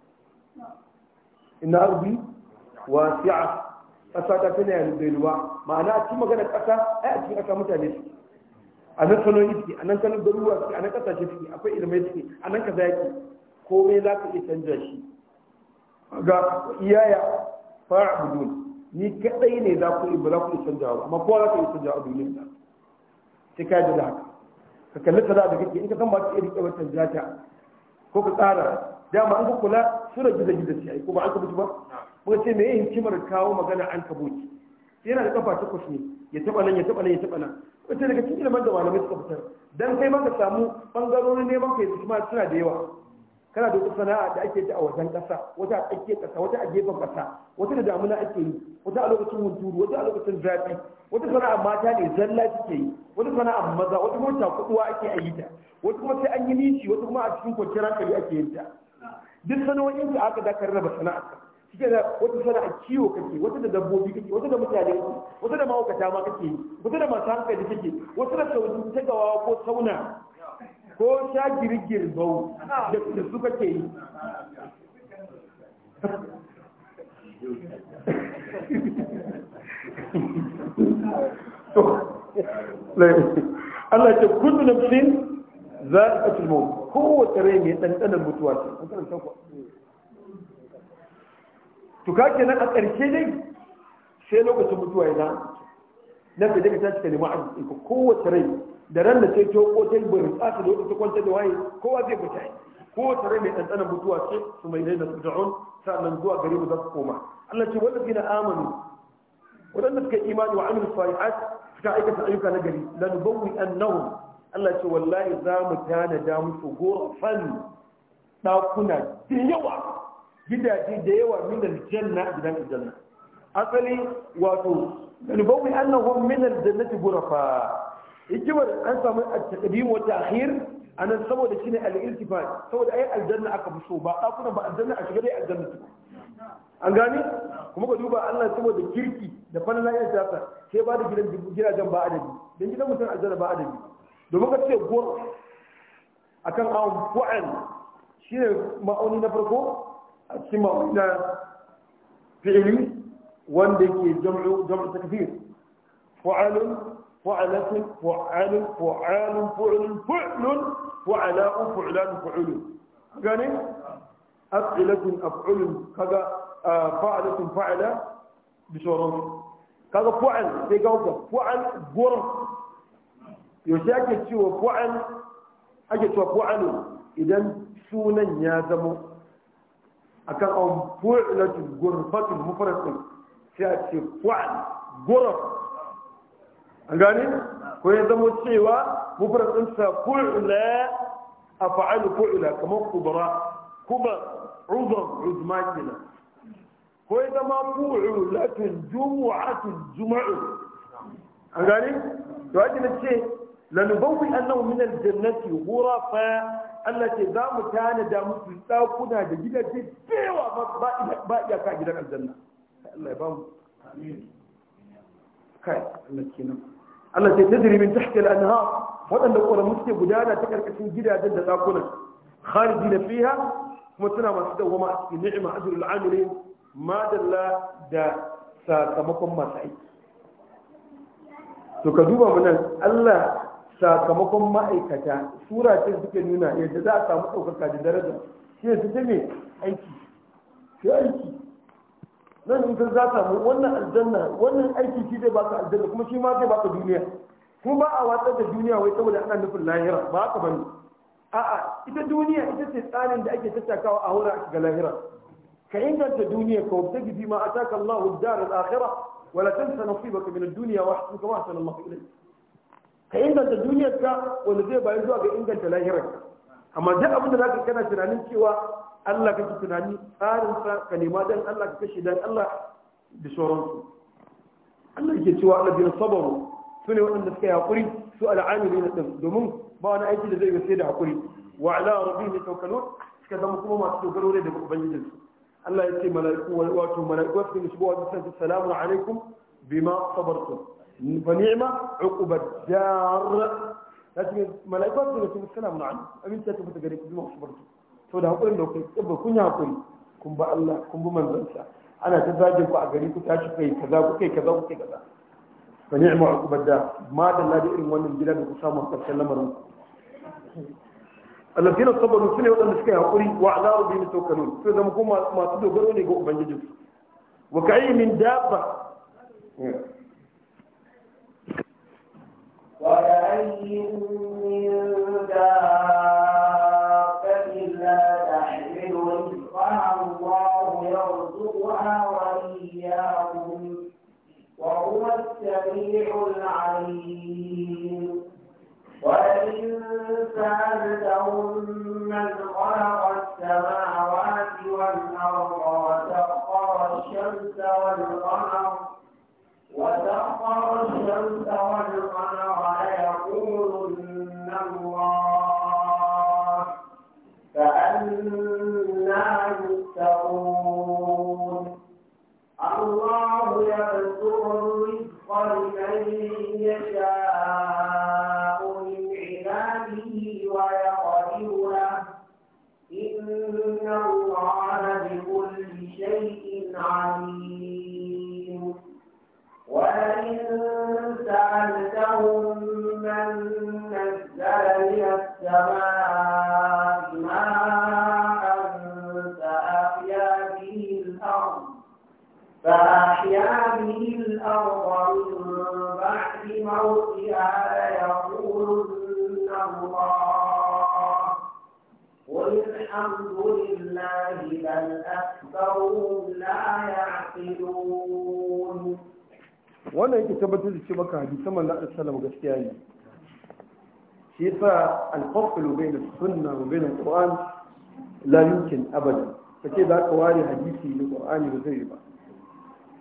inna arbi wasi'a ƙasa ta tana yanzu bai ruwa ma'ana a cikin maganar ƙasa ai a cikin ƙasa mutane su a nan sanon iski a nan sanon garuruwa suke a nan ƙasashe suke akwai ilimai suke a nan kaza ko komai za ka iya canja shi ga iyaya fara budun ni kaɗai ne za ku iya ba za ku iya ba amma kowa za ka iya canjawa a duniyar da sai ka yi da haka ka kalli kaza da kake in ka san ba ta iya riƙe wata ta, ko ka tsara dama an ka kula sura gida gida ce ai ko ba an ka mutu ba ba sai mai yin kimar kawo magana an kabuci yana da kafa takwas ne ya taba nan ya taba nan ya taba nan wata daga cikin ilimin da malamai suka fitar dan kai maka samu bangarorin neman kai kuma suna da yawa kana da wata sana'a da ake ta a wajen kasa wata a tsakiyar kasa wata a gefen kasa wata da damuna ake yi wata a lokacin hunturu wata a lokacin zafi wata sana'a mata ne zalla suke yi wata sana'a maza wata kuma takuduwa ake yi ta wata kuma sai an yi nishi wata kuma a cikin kwanciyar hankali ake yi ta duk sana'o'in da aka dakar raba sana'a shike da wata sana'a kiwo kake wata da dabbobi kake wata da mutane kake wata da mahaukata ma kake wata da masu hankali kake wata da sauki ta gawa ko sauna ko sha girgir bau da su kake yi Allah ce kullu nafsin za'atul maut kowace rai mai ɗanɗanar mutuwa ce tuka ka kenan a ƙarshe dai sai lokacin mutuwa ya na fi daga tashi kalima a ka kowace rai da ran da sai ta kotel bai ta da ta kwanta da waye kowa zai fita kowace rai mai tsantsanan mutuwa ce su mai dai su da'un sa'annan zuwa gari mu za su koma Allah ce wanda fi na amanu waɗanda suka imani wa amilu salihat suka aikata ayyuka na gari lanubawwi annahum Allah ce wallahi za mu tanada musu gorafan ɗakuna da yawa gidaje da yawa min aljanna gidan aljanna asali wato nubawi annahum min aljannati ghurafa ikimar an samu at-taqdim wa ta'khir anan saboda shine al-iltifat saboda ai aljanna aka fi so ba dakuna ba aljanna a shiga dai aljanna an gane kuma ka duba Allah saboda kirki da fannin lafiyar siyasa sai ba da gidan gidajen ba adabi dan gidan mutum aljanna ba adabi domin ka ce gor akan awon fu'an shine ma'auni na farko a cikin ma'ul fi'ili wanda ke jam'u jam'u takfir fa'alun fa'alatun fa'alun fa'alun fa'alun fa'alun fa'ala'un fa'alan fa'alun gane af'ilatun af'alun kaga fa'alatun fa'ala da sauransu kaga fa'al sai ga fa'al gurin yaushe ake cewa fa'al ake cewa fa'alu idan sunan ya zama akan an fu'ilatu gurfatu mufradun sai a ce fu'al gurf an gane ko ya zama cewa mufradun sa fu'ila af'alu fu'ila kamar kubra kuba uzum uzma kenan ko ya zama fu'ulatun jumu'atun jumu'u an gane to ake na ce lanubawwi annahu min aljannati ghurafa Allah ce za mu tanada musu ɗakuna da gidaje da yawa ba iyaka gidan aljanna Allah ya ba mu kai Allah Allah ce tajri min tahti al-anhar waɗanda ƙoramu suke gudana ta ƙarƙashin gidajen da ɗakunan khariji da fiha kuma suna masu dawwama a cikin ni'ima ajrul amilin madalla da sakamakon masu aiki to ka duba mu nan Allah sakamakon ma'aikata sura ce suke nuna yadda za a samu ɗaukaka da daraja shi ne ta mai aiki shi aiki nan in za samu wannan aljanna wannan aiki shi zai baka aljanna kuma shi ma zai baka duniya kuma ba a watsar da duniya wai saboda ana nufin lahira ba haka bane a'a ita duniya ita ce tsarin da ake tattakawa a hura ga lahira ka inganta duniya ka wata gizi ma ataka Allahu dar al-akhirah wala tansa nasibaka min ad-dunya wa ahsin kama ahsana Allahu ilayk ka inganta duniyar ka wanda zai bayan zuwa ga inganta lahirar amma duk abin da za ka kana tunanin cewa Allah kake tunani tsarin sa ka nema dan Allah ka kashe dan Allah da sauransu Allah yake cewa Allah bin sabaru su ne waɗanda suka yi haƙuri su al'amiri na ɗin domin ba wani aiki da zai sai da haƙuri wa ala rabbi ne taukalo suka zama kuma masu dogaro ne da ubangijinsu Allah ya ce mala'iku wato mala'iku su ne su ba wa salamu alaikum bima sabartum fa ni'ma uqbad dar lakin malaikatu daga yi a gari irin wannan gida da ku samu karshen lamarin alladina sabaru sune wadanda suka yi hakuri wa ala rabbihim ne ga ubangijinsu min dabba وكأي من دابة لا تحمل رزقها الله يرزقها وإياكم وهو السميع العليم وإن سألتهم من خلق السماوات والأرض وسخر الشمس والقمر وسخر الشمس والقمر السماء ماء فأحيا به الأرض فأحيا به الأرض من بعد موتها يقولن الله قل الحمد لله بل أكثرهم لا يعقلون وانا yake tabbatar da cewa hadisan manzo sallallahu alaihi كيف الفصل بين السنة وبين القرآن لا يمكن أبدا فكيف آية ذلك قواري حديثي للقرآن وزيبا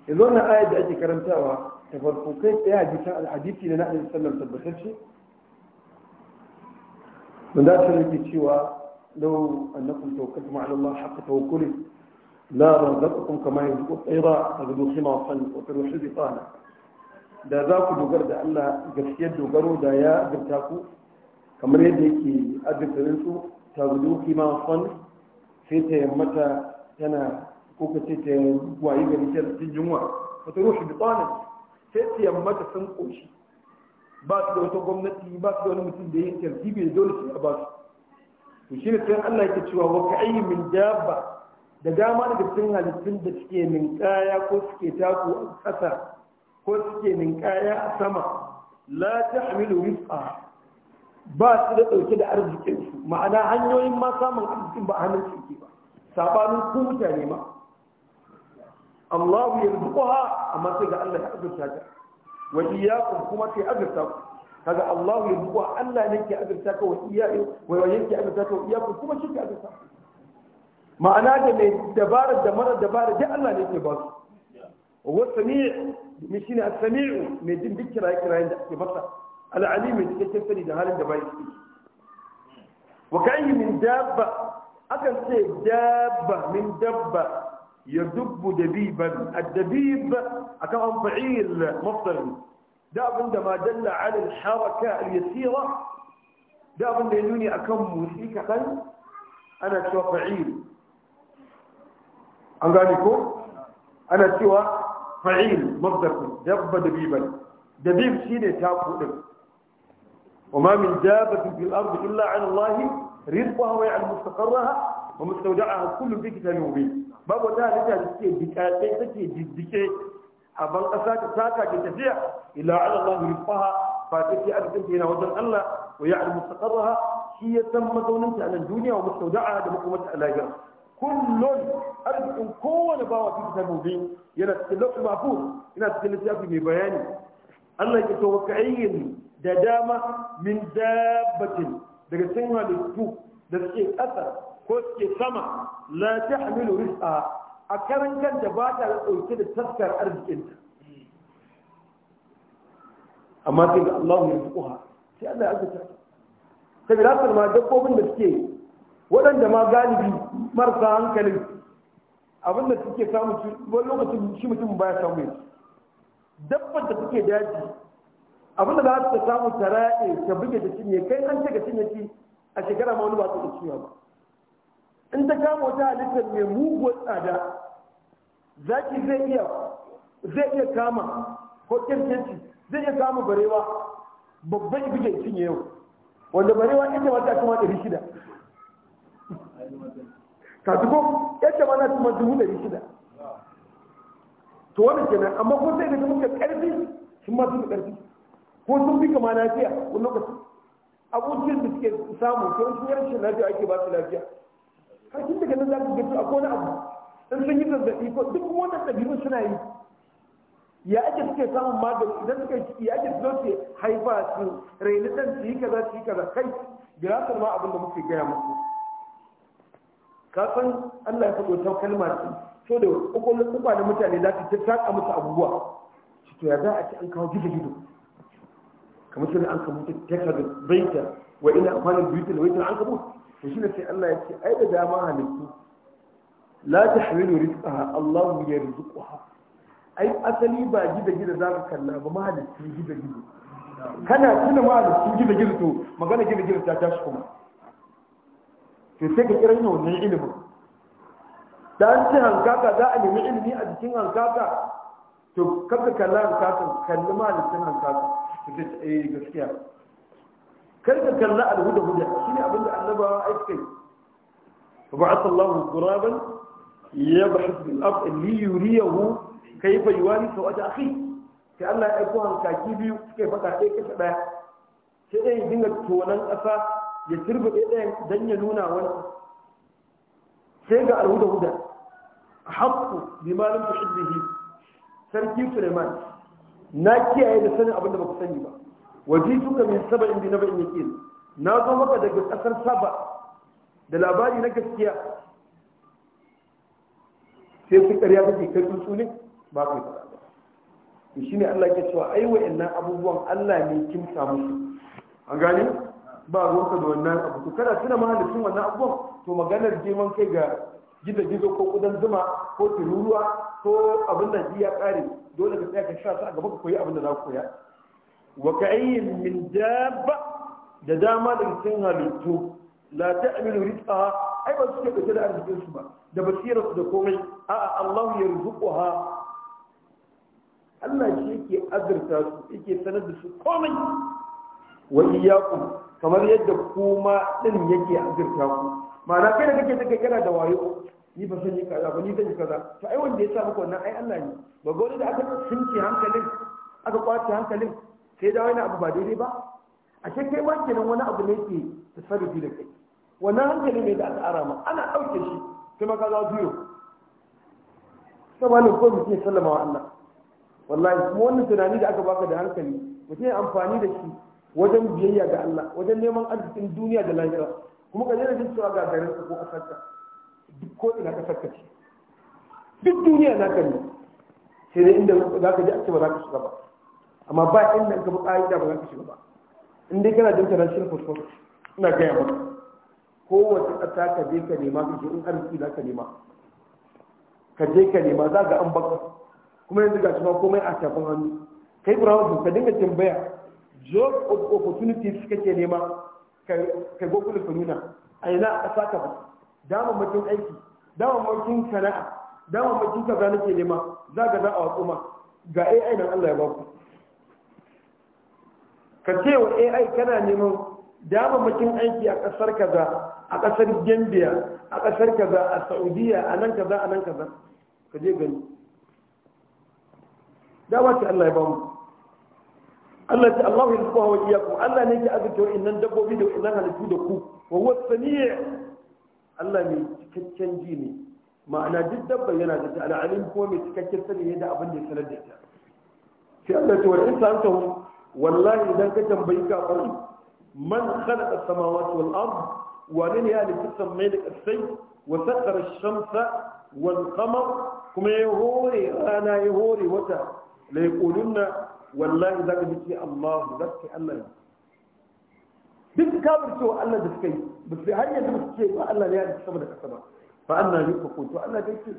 إذا أنا آية أجي كرمتها تفرقوكي إيه حديثي الحديثي لنحن السلام تبخلش من ذات شريكي تشيوا لو أنكم توكلتم على الله حق توكله لا رزقكم كما يزقوك أيضا أغدو خماصا وتلو حزي طانا دا ذاكو دو قرد الله قفيد دو قرود يا قرتاكو kamar yadda yake azikarin su ta gudu kima fan sai ta yammata tana ko ka ce ta wayi gari ta cikin jinwa ba ta rushe bitsanin sai ta yammata sun ƙoshi ba su da wata gwamnati ba su da wani mutum da ya yi tartibi da dole sai a ba su to shi ne sai Allah yake cewa wata ayi min dabba da dama daga cikin halittun da suke min kaya ko suke taku a ƙasa ko suke min kaya a sama la ta hamilu rizqa ba su da ɗauke da arzikinsu ma'ana hanyoyin ma samun arzikin ba a hannun ciki ba sabanin ku mutane ma Allahu ya ha amma sai ga Allah ya azurta ka wa iyyakum kuma ke azurta ku kaga Allahu ya rubuha Allah ne ke azurta ka wa iyyakum wa yake azurta ka wa iyyakum kuma shi ke azurta ma'ana da mai dabara da mara dabara dai Allah ne ke ba su wa sami' shi ne a samiu mai jin duk kiraye-kirayen da ake masa al'ali mai cikakken sani da halin da bai ciki wa kayi min dabba akan ce dabba min dabba ya dubbu dabiban addabib akan an fa'il mafdal da abin da ma dalla ala al-haraka al-yasira da da ya nuni akan motsi kaɗan ana cewa fa'il an gane ko ana cewa fa'il mafdal dabba dabiban dabib ne ta din وما من دابة في الأرض إلا على الله رزقها ويعلم مستقرها ومستودعها كل في كتاب مبين باب وتعالى تسكي دكاتي تسكي دكاتي أبل أساك ساكا كتفيع إلا على الله رزقها فاتكي أبدا هنا وجل الله ويعلم مستقرها هي تم دونك على الدنيا ومستودعها لمقومة الآخرة كل أرزق كون باوة في كتاب مبين ينا تسكي لوح محفوظ ينا تسكي لسيافي ببياني الله يتوقعين da dama min dabbatin daga cikin halittu da suke ƙasa ko suke sama la ta hamilu rizqa a karan kanta ba ta ɗauke da taskar arzikinta amma sai ga Allah ya rizquha sai Allah ya azurta ta bi rasar ma dabbobin da suke waɗanda ma galibi marasa hankalin abinda suke samu wani lokacin shi mutum baya samu yanzu dabbar da suke daji abin da za su samu tara'i raɗe ta buge da cinye kai an ce ga cinye ci a shekara ma wani ba su da ciwa ba in ta kama wata halittar mai muguwar tsada zaki zai iya zai iya kama ko kirkirci zai iya kama barewa babban buge cinye yau wanda barewa ita wata kuma ɗari shida ko yadda mana kuma dubu ɗari shida to wani kenan amma ko sai da muka ƙarfi sun ma su ƙarfi ko sun fi kama lafiya wani lokaci abokin da suke samu ko su rashin lafiya ake ba su lafiya har tun daga nan za ku gaji a kone abu in sun yi zazzaɓi ko duk wannan ɗabi'un suna yi ya ake suke samun magani idan suka yi ya ake zo su haifa su raini ɗan su yi kaza su yi kaza kai girasar ma abin da muke gaya musu san allah ya faɗo ta kalma ce so da ƙwaƙwalwar da mutane za ta taƙa musu abubuwa to ya za a ci an kawo gida gido kamar shi ne an kamu ta taka da baita wa ina amfani da buyutul baitul an kamu to shi ne sai Allah ya ce ai da dama halittu la tahmilu rizqaha Allah ya rizquha ai asali ba gida gida za ka kalla ba mahalicci gida gida kana tuna mahalicci gida gida to magana gida gida ta tashi kuma to sai ka kira yin wannan ilimin da an ce hankaka za a nemi ilimi a jikin hankaka to kaka kalla hankakan kalli mahalicin hankaka da ta eh gaskiya kar ka kalla alhuda huda shine abin da annabawa ai suka yi فبعث الله غرابا يبحث في الارض ليريه كيف يواري سوءة اخيه sai Allah ya aiko hankaki biyu suka faɗa ɗaya kasa ɗaya sai ɗaya dinga tonan ƙasa ya turbe ɗaya don ya nuna wani sai ga alhuda huda haƙƙu bi malam ta sarki Suleiman na kiyaye da sanin abin da ku sani ba waje tuka min saba'in bi naba'in yaqin na zo maka daga kasar saba da labari na gaskiya sai su ƙarya kake kai tsuntsu ne ba kai fara ba to shine Allah ke cewa ai wa'annan abubuwan Allah ne kin samu an gane ba ruwanka da wannan abu to kana tuna mahallicin wannan abubuwan to maganar girman kai ga gida gizo ko kudan zuma ko tururuwa ko abin da ya kare dole ka tsaya ka sha sa gaba ka koyi abin da za ku koya wa ka'ayyin min dabba da dama daga cikin halittu la ta'milu rizqa ai ba su ke da arzikin su ba da basira su da komai a'a Allahu yarzuquha Allah shi yake azurta su yake sanar da su komai wa iyyakum kamar yadda kuma din yake azurta ku ma'ana kai da kake da kana da wayo ni ba san yi kaza ba ni zan yi kaza to ai wanda ya sa muku wannan ai Allah ne ba gori da aka tsinci hankalin aka kwace hankalin sai da wani abu ba daidai ba a ce kai ma kenan wani abu ne ke tasarrufi da kai wannan hankali ne da aka ara ma ana ɗauke shi kai ma ka za biyo saboda ko mutum ya sallama wa Allah wallahi kuma wannan tunani da aka baka da hankali mutum ya amfani da shi wajen biyayya ga Allah wajen neman arzikin duniya da lahira kuma ka daina jin cewa ga garin ko kasar ka duk ko ina kasar ka ce duk duniya na ka sai dai inda za ka ji a ce ba za ka shiga ba amma ba inda ka bi ƙa'ida ba za ka shiga ba in dai kana jin shirka passport ina gaya maka kowace ƙasa ka je ka nema ka je in arziki za ka nema ka je ka nema za ga an baka kuma yanzu ga ma komai a tafin hannu kai burawun ka dinga tambaya job opportunities kake nema ka gogulu ka nuna a yana a ƙasa ka ba makin aiki damammakin sana'a ka kaza nake nema za ka za a wasu ma ga ai nan allah ya ba ku ka ce wa ai kana neman makin aiki a ƙasar kaza a ƙasar gambia a ƙasar kaza a saudiya a nan kaza a nan kaza ka je gani dama ce allah ya ba mu Allah ce Allah ya tsawa wa iyakum Allah ne ke azurta wa'annan dabbobi da wa'annan halittu da ku wa huwa samii Allah mai cikakken ji ne ma'ana duk dabba yana da ta al'alim kuma mai cikakken sani yadda abin da ya sanar da ita sai Allah ce ta insanu wallahi idan ka tambayi kafari man khalaqa samawati wal ard wa lin ya li tasammi da kasai wa sakhara ash-shamsa wal qamar kuma ya hore rana ya hore wata la yaquluna wallahi za ka bi ce Allah za ka Allah ne duk kafir cewa Allah da suka yi ba su har yanzu ba su ce ba Allah ne ya ci sama da kasa ba fa Allah ne fako to Allah ta ce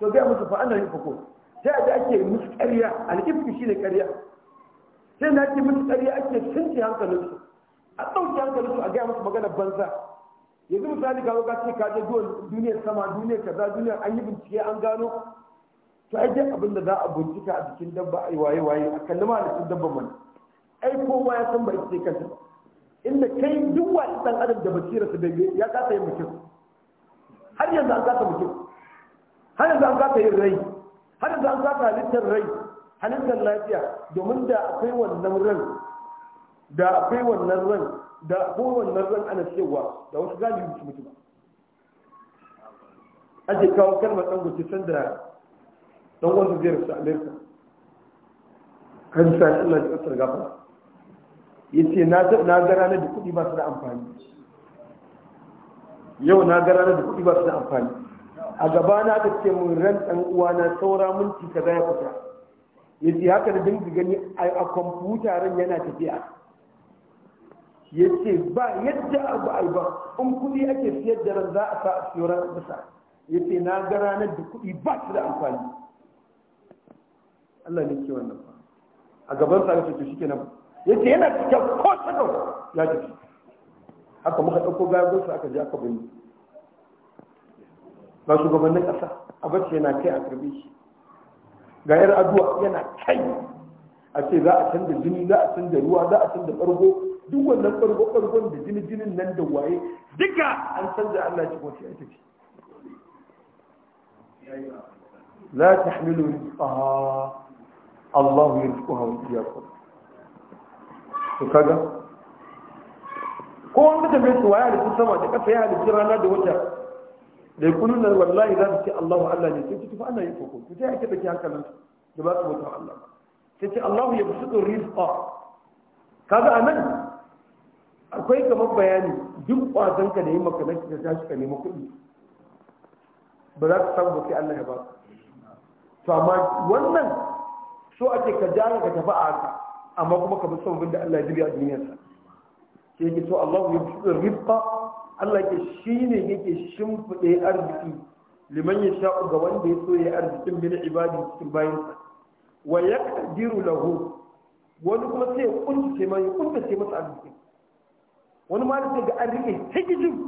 to ga musu fa Allah ne fako sai a ji ake musu ƙarya shi shine ƙarya sai na ce musu ƙarya ake sunce hankalinsu a ɗauki hankalinsu a gaya musu magana banza yanzu misali ga ka ce ka je duniyar sama duniyar kaza duniyar an yi bincike an gano to ai duk abin da za a bincika a jikin dabba ai waye waye a kalli ma halittun dabba mana ai kowa ya san ba ita ce kanta inda kai duk wani dan adam da basira su bai ya kasa yin mutum har yanzu an kasa mutum har yanzu an kasa yin rai har yanzu an kasa halittar rai halittar lafiya domin da akwai wannan ran da akwai wannan ran da akwai wannan ran ana cewa da wasu galibi su a ba kawo kalmar ɗan guci sandara don wanda zai rasu amerika kan sa Allah ya tsara gaba yace na na ga ranar da kuɗi ba su da amfani yau na ga ranar da kuɗi ba su da amfani a gaba na aka ce mun ran ɗan uwa na saura minti kaza ya fita yace haka da dinga gani a kwamfuta ran yana tafiya yace ba yadda abu alba in kuɗi ake siyar da ran za a sa a siyo ran ya yace na ga ranar da kuɗi ba su da amfani Allah ne ke wannan ba a gaban sa ce to shikenan yace yana cikin ko tsakon ya tafi haka muka dauko gayan gosu aka je aka bani ba su shugabannin kasa abace yana kai a karbe shi ga yar addu'a yana kai a ce za a canza jini za a canza ruwa za a canza ɓargo duk wannan ɓargo ɓargon da jini jinin nan da waye duka an canza Allah shi kuma sai ai tafi la tahmilu rizqaha Allahu yarzuquha wa iyyakum to kaga ko wanda da bai suwaya da sama da kasa ya halitta rana da wata da kullu nan wallahi za su ce Allahu Allah ne sai tufa Allah ya koko to sai ake dake hankalin da ba su mutu Allah sai ce Allahu ya busudu rizqa kaga nan akwai kamar bayani duk kwazon ka da yi maka nashi da tashi ka nema kuɗi ba za ka samu sai Allah ya ba to amma wannan so ake ka jana ka tafi a haka amma kuma ka bi son da Allah ya jibi a duniyarsa sai yake so Allah ya fi rifqa Allah ke shine yake shimfide arziki liman ya sha'u ga wanda ya so ya arzikin bin ibadi cikin bayansa wa yaqdiru lahu wani kuma sai ya kunce mai kunce sai masa arziki wani ma sai ga arziki ta gijin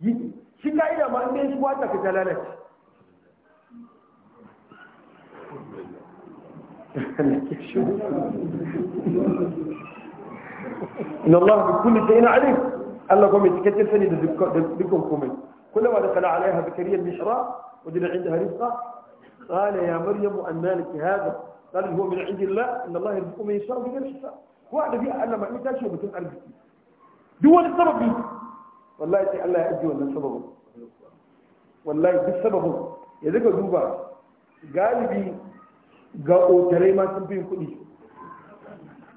yi shi ka'ida ma in dai shi wata ka ta lalace إن الله بكل شيء عليم قال لكم يتكتل فني بكم كل كلما دخل عليها بكريا المشراء ودل عندها رزقه قال يا مريم أن مالك هذا قال هو من عند الله إن الله يرزق من يشاء بغير حساب وعد بها أن ما يحتاج شيء بتم أرزقي دول السبب دي والله يتي الله يأجي ولا سببه والله بالسبب يذكر دوبا لي ga otarai ma sun fi kuɗi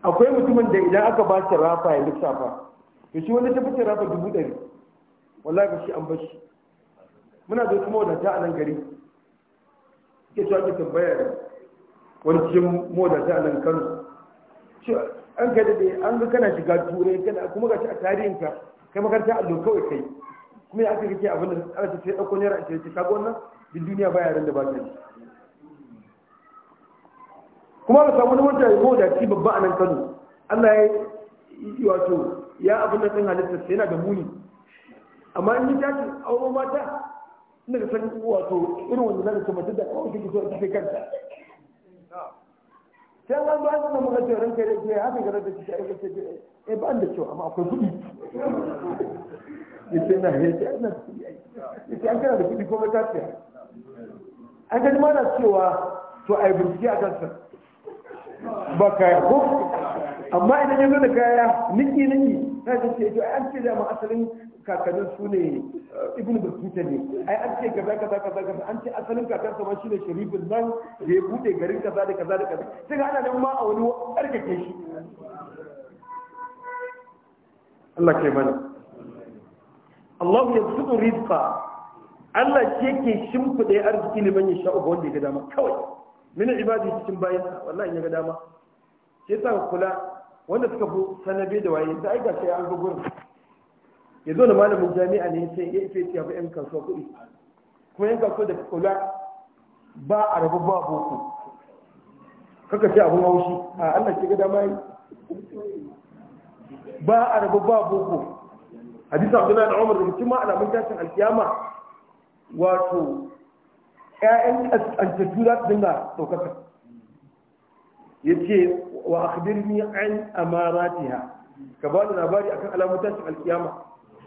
akwai mutumin da idan aka ba shi rafa ya lissafa ya shi wanda ta fi rafa dubu ɗari wallahi ga shi an bashi muna zo kuma wadata a nan gari ke cewa ake tambaya da wani cikin wadata a nan kano an kai daɗe an ga kana shiga turai kana kuma shi a tarihinka kai makaranta allo kawai kai kuma ya aka kake abin da aka ce ɗauko naira a shi ka wannan duk duniya baya ran da ba ta kuma ba samu wani wanda ko da ci babba a nan Kano Allah ya wato ya abin da san halitta sai yana da muni amma in ta ci auro mata ina ga san wato irin wanda zaka ce mata da kawai kike so ta kai kanta sai an ba su da muka ce kai da ke haka ga da shi ai ce eh ba da cewa amma akwai kudi yace na yace ana na ai yace an kana da kudi ko mata ce an ga mana cewa to ai bincike a kansa ba kaya ko amma idan ya zo da kaya niki niki na ce ce to an ce da asalin kakannin su ne eh, ibn battuta ne ai an ce kaza kaza kaza kaza an ce asalin kakan sa ma shine sharifin nan da ya bude garin kaza da kaza da kaza sai ga ana nan ma a wani tsarkake shi Allah ke mana Allah ya zuɗu rizqa Allah ke ke shimfiɗe arziki ne ban yasha sha'u wanda ya ga dama kawai mini ibadi cikin bayan wallahi ya ga dama sai sa kula wanda suka fi sanabe da waye da ai sai an gugur gurin ya zo da malamin jami'a ne sai ya ife ya ba yan kasuwa kuɗi kuma yan kasuwa da kula ba a rabu ba boko kaka ce abun haushi a Allah ke ga dama yi ba a rabu ba boko hadisi abdullahi da umar da mutum ma alamun tashin alkiyama wato ƴaƴan kaskantattu za su dinga ɗaukaka ya ce wa akhbirni an amaratiha ka ba da labari akan alamun tashin alkiyama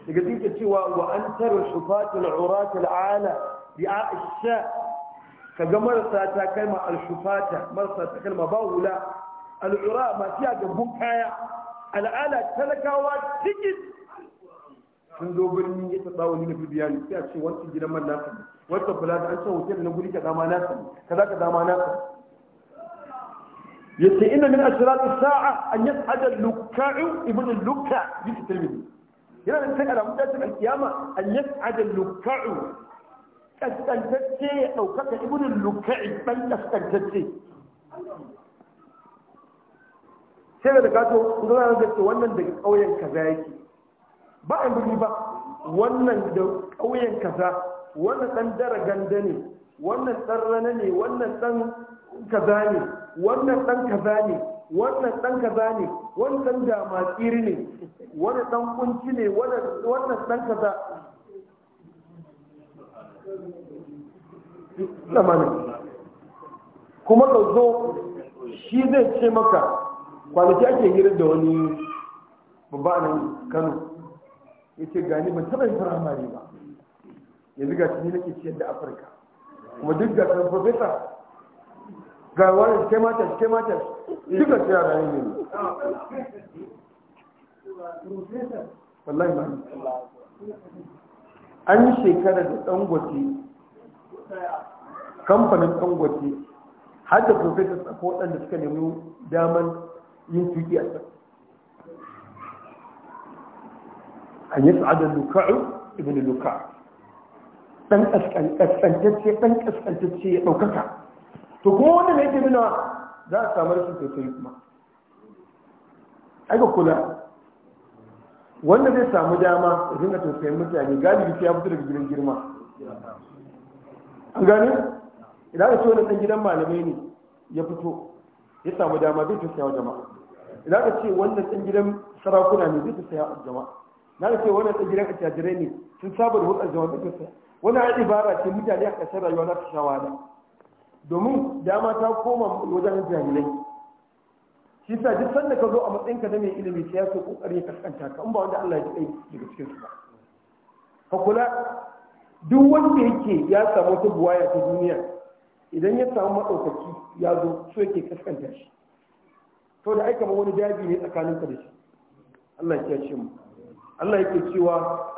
daga cikin cewa wa an tara shufatul urata al'ala bi aisha ka ga marasa ta kalma al-shufata marasa ta kalma ba wula al'ura masu ya gabbun kaya al'ala talakawa cikin sun zo birni ya taɓa wani na bibiyani sai a ce wancan gidan man nasa wata kula da an ce hotel na guri ka dama na san ka za ka dama na sani yace inna min ashrati sa'a an yas'ada al-lukka'u ibn al-lukka bi tilmidi yana da cikin alamun tashin al-kiyama an yas'ada al-lukka'u kaskantacce ya ɗaukaka ibn al-lukka'i dan kaskantacce sai da kato kuma zan ce wannan daga ƙauyen kaza yake ba an guri ba wannan da ƙauyen kaza wannan ɗan dara ganda ne wannan ɗan rana ne wannan ɗan kaza ne wannan ɗan kaza ne wannan ɗan kaza ne wannan dama tsiri ne wannan ɗan kunci ne wannan ɗan kaza lamanin kuma ka zo shi zai ce maka kwanaki ake hira da wani babba nan kano ya ce gani ban taɓa yi firamare ba yanzu ga shi nake ciyar da afirka kuma duk ga kan profesa ga wani ke mata ke mata duk ga tsaya da ne wallahi ba an yi shekara da dangote kamfanin dangote har da profesa tsako waɗanda suka nemi daman yin tuki a tsaka an yi sa'adar luka'u ibn luka dan kaskantacce dan kaskantacce ya ɗaukaka to kuma wanda ne yake nuna za a samu rashin sosai kuma aka kula wanda zai samu dama ya dinga tausayin mutane galibi sai ya fito daga gidan girma an gane idan aka ce wani ɗan gidan malamai ne ya fito ya samu dama zai tausaya wa jama'a idan aka ce wanda ɗan gidan sarakuna ne zai tausaya wa jama'a na ce wanda ɗan gidan attajirai ne sun saba da hulɗar jama'a zai tausaya wani an ibara ce mutane a ƙasar rayuwa za su sha domin dama ta koma wajen jami'ai shi sa duk sanda ka zo a matsayin ka na mai ilimi sai ya so kokari ya kaskanta ka in ba wanda Allah ya kai daga cikin su ba ka kula duk wanda yake ya samu wata buwaya ta duniya idan ya samu maɗaukaki ya zo so yake kaskanta shi to da aika ma wani daji ne tsakanin ka da shi Allah ya ce mu Allah yake cewa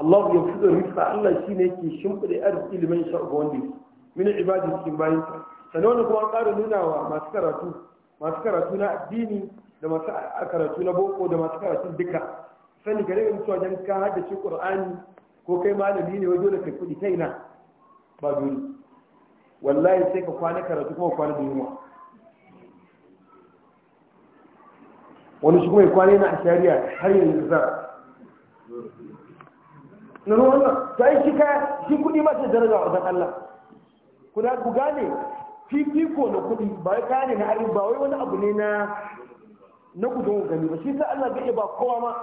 Allah ya fito rizqa Allah shine yake shimfida arziki liman sha ga min ibadin cikin bayin sa sanan kuma an ƙara nuna wa masu karatu masu karatu na addini da masu karatu na boko da masu karatu duka sani ka rage mutuwa jan ka haddace qur'ani ko kai malami ne wajen da kai kudi kaina ba dole wallahi sai ka kwana karatu kuma kwana da yunwa wani shi kuma ya kwana na a shari'a har yanzu zara na wannan to ai shi kaya shi kuɗi masu sai daraja wajen Allah ku da ku gane fifiko na kuɗi ba wai kaya ne na arin ba wai wani abu ne na na gudun gani ba shi sai Allah zai ba kowa ma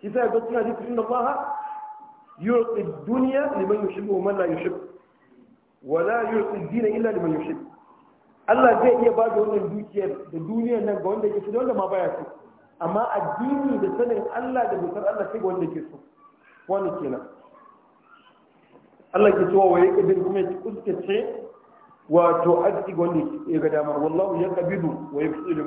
shi sai ga suna ji inna Allah yu'ti dunya liman yushibbu wa man la yushib wa la yu'ti dina illa liman yushib Allah zai iya ba da wannan dukiyar da duniyar nan ga wanda yake da wanda ma baya so amma addini da sanin Allah da dokar Allah sai wanda ke so wani kenan Allah ke cewa waye bin kuma ya kuskace wato arziki wanda ya ga dama wallahu ya kabidu wa yafsidu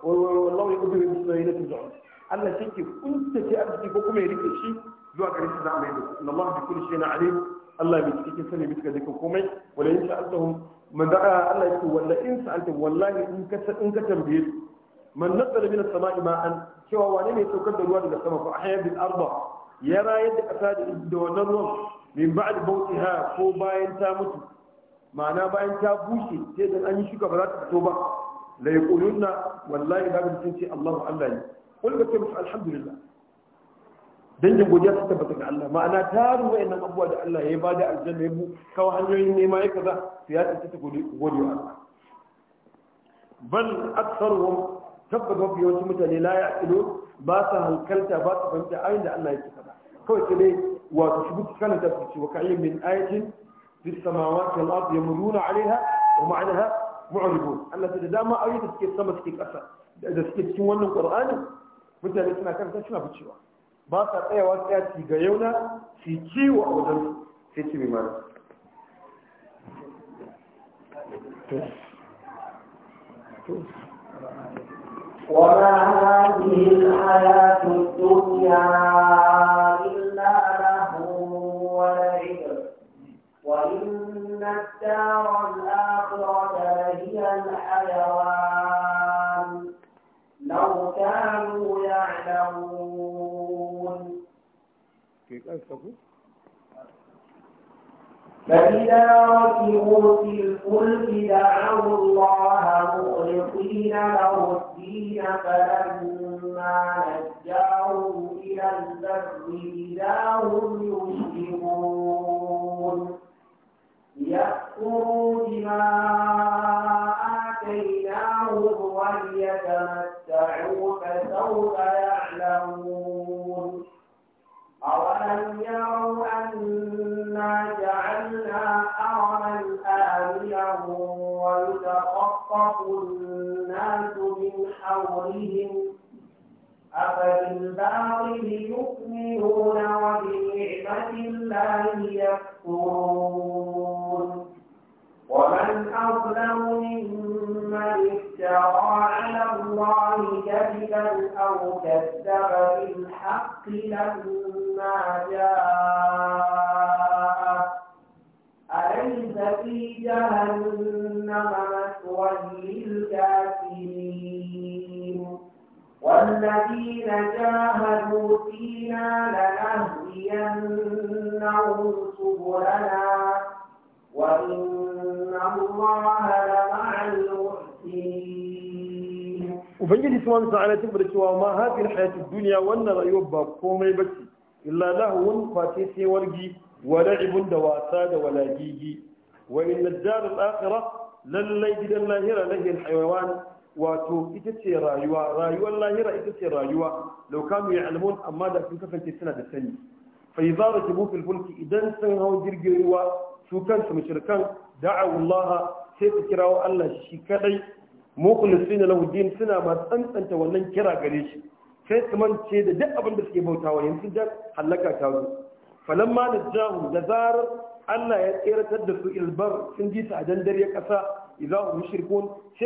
wallahu ya kabidu wa yafsidu na Allah shi ke kuntace arziki ko kuma ya rike shi zuwa gare shi za a mai da Allah bi kulli shay'in alim Allah bi cikin sani bi cikin komai wala in sa'altahum man da'a Allah ya ce walla in sa'altahum wallahi in ka in ka tambaye man nazzala min as-sama'i ma'an cewa wane ne saukar da ruwa daga sama fa ahya bil arda ya rayar da kasa da wannan ruwan min ba'd bautiha ko bayan ta mutu ma'ana bayan ta bushe sai da an yi shuka ba za ta fito ba la yaquluna wallahi da mun ce Allahu Allah ne kul ba ce musu alhamdulillah dangin godiya ta tabbata ga Allah ma'ana tarin wayannan abubuwa da Allah ya bada aljanna ya bu kawo hanyoyin nema ya kaza sai ya tsaye ta gode wa Allah bal aktsaruhum tabbata mafi yawancin mutane la ya ilo ba su hankalta ba su fahimta ayin da Allah yake faɗa kawai sai dai wato shi buku kana tafsiri wa ka'in min ayatin fi samawati wal ardi yamuruna 'alayha wa ma'anaha mu'ridun Allah sai da dama ayoyi da suke sama suke ƙasa da suke cikin wannan Qur'ani mutane suna karanta suna bicewa ba sa tsayawa tsaya ci ga yauna su kiwo a wajen sai ci bimana to to وما هذه الحياة الدنيا إلا له ولعب وإن الدار الآخرة هي الحيوان لو كانوا يعلمون فإذا ركبوا في الفلك دعوا الله مخلصين له الدين فلما نجاهم إلى البر إذا هم يشركون ليكفروا بما آتيناهم وليتمتعوا فسوف يعلمون أولم يروا أنا جعلنا حرما آمنا ويتخطف الناس من حولهم أفبالباطل يؤمنون وبنعمة الله يكفرون ومن أظلم ممن افترى على الله كذبا أو كذب بالحق لما جاء أليس في جهنم مثوى للكافرين والذين جاهدوا فينا لنهدينهم سبلنا Ubangiji Subhanahu ta'ala ta da cewa ma hadin hayatid duniya wannan rayuwar ba komai bace illa lahun face sai wargi wa la'ibun da wasa da walagigi wa inna jari al-akhirah lallai gidan lahira lahi al-hayawan wato ita ce rayuwa rayuwar lahira ita ce rayuwa law kanu ya'lamun amma da sun kasance suna da sani fa idza rakibu fil fulki idan sun hau jirgin ruwa su kansu mushrikan da'u Allah sai su kirawo Allah shi kadai mukhlisina lahu din suna ma tsantsanta wannan kira gare shi sai su mance da duk abin da suke bautawa yanzu da halaka ta zo falamma najahu da zarar Allah ya tseratar da su ilbar sun ji a dandare kasa idza hum mushrikun